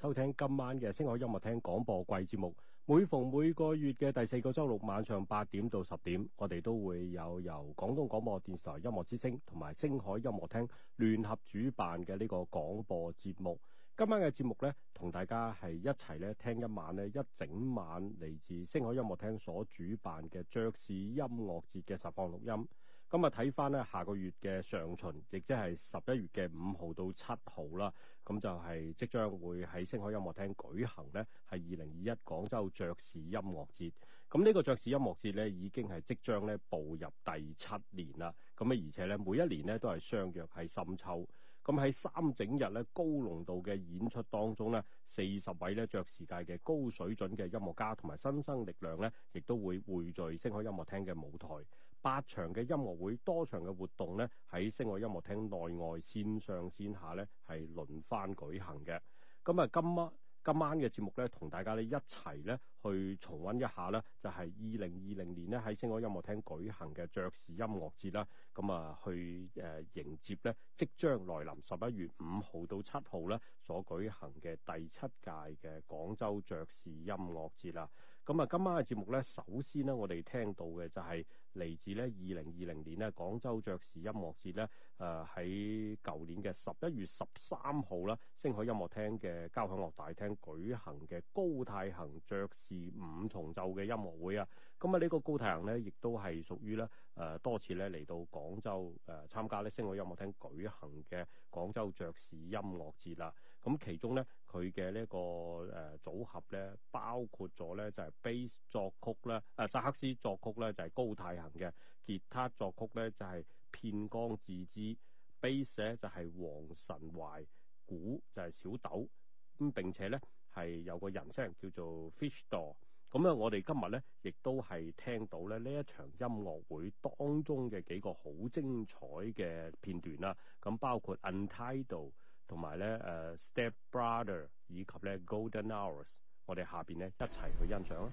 收聽今晚嘅星海音樂廳廣播季節目，每逢每個月嘅第四個周六晚上八點到十點，我哋都會有由廣東廣播電視台音樂之聲同埋星海音樂廳聯合主辦嘅呢個廣播節目。今晚嘅節目咧，同大家係一齊咧聽一晚咧，一整晚嚟自星海音樂廳所主辦嘅爵士音樂節嘅實況錄音。今日睇翻咧，下個月嘅上旬，亦即係十一月嘅五號到七號啦，咁就係即將會喺星海音樂廳舉行呢，係二零二一廣州爵士音樂節。咁呢個爵士音樂節咧，已經係即將咧步入第七年啦。咁啊，而且咧，每一年呢都係相約係深秋。咁喺三整日咧，高濃度嘅演出當中呢，四十位咧爵士界嘅高水準嘅音樂家同埋新生力量咧，亦都會匯聚星海音樂廳嘅舞台。八場嘅音樂會，多場嘅活動咧，喺星海音樂廳內外先先、線上線下咧，係輪番舉行嘅。咁啊，今晚今晚嘅節目咧，同大家咧一齊咧，去重溫一下咧，就係二零二零年咧喺星海音樂廳舉行嘅爵士音樂節啦，咁啊去誒迎接咧即將來臨十一月五號到七號咧所舉行嘅第七屆嘅廣州爵士音樂節啦。咁啊今晚嘅節目咧，首先呢，我哋聽到嘅就係嚟自咧二零二零年咧廣州爵士音樂節咧誒喺舊年嘅十一月十三號啦星海音樂廳嘅交響樂大廳舉行嘅高泰行爵士。二五重奏嘅音樂會啊，咁啊呢個高太行咧，亦都係屬於咧誒多次咧嚟到廣州誒參、呃、加咧星海音樂廳舉行嘅廣州爵士音樂節啦。咁、嗯、其中咧佢嘅呢、這個誒、呃、組合咧，包括咗咧就係 bass 作曲咧，誒、啊、薩克斯作曲咧就係、是、高太行嘅，吉他作曲咧就係、是、片江自之，bass 呢就係、是、黃神懷，鼓就係小豆，咁、嗯、並且咧。係有個人聲叫做 Fish Door，咁啊，我哋今日咧亦都係聽到咧呢一場音樂會當中嘅幾個好精彩嘅片段啦，咁包括 Untitled 同埋咧誒 Step Brother 以及咧 Golden Hours，我哋下邊咧一齊去欣賞啦。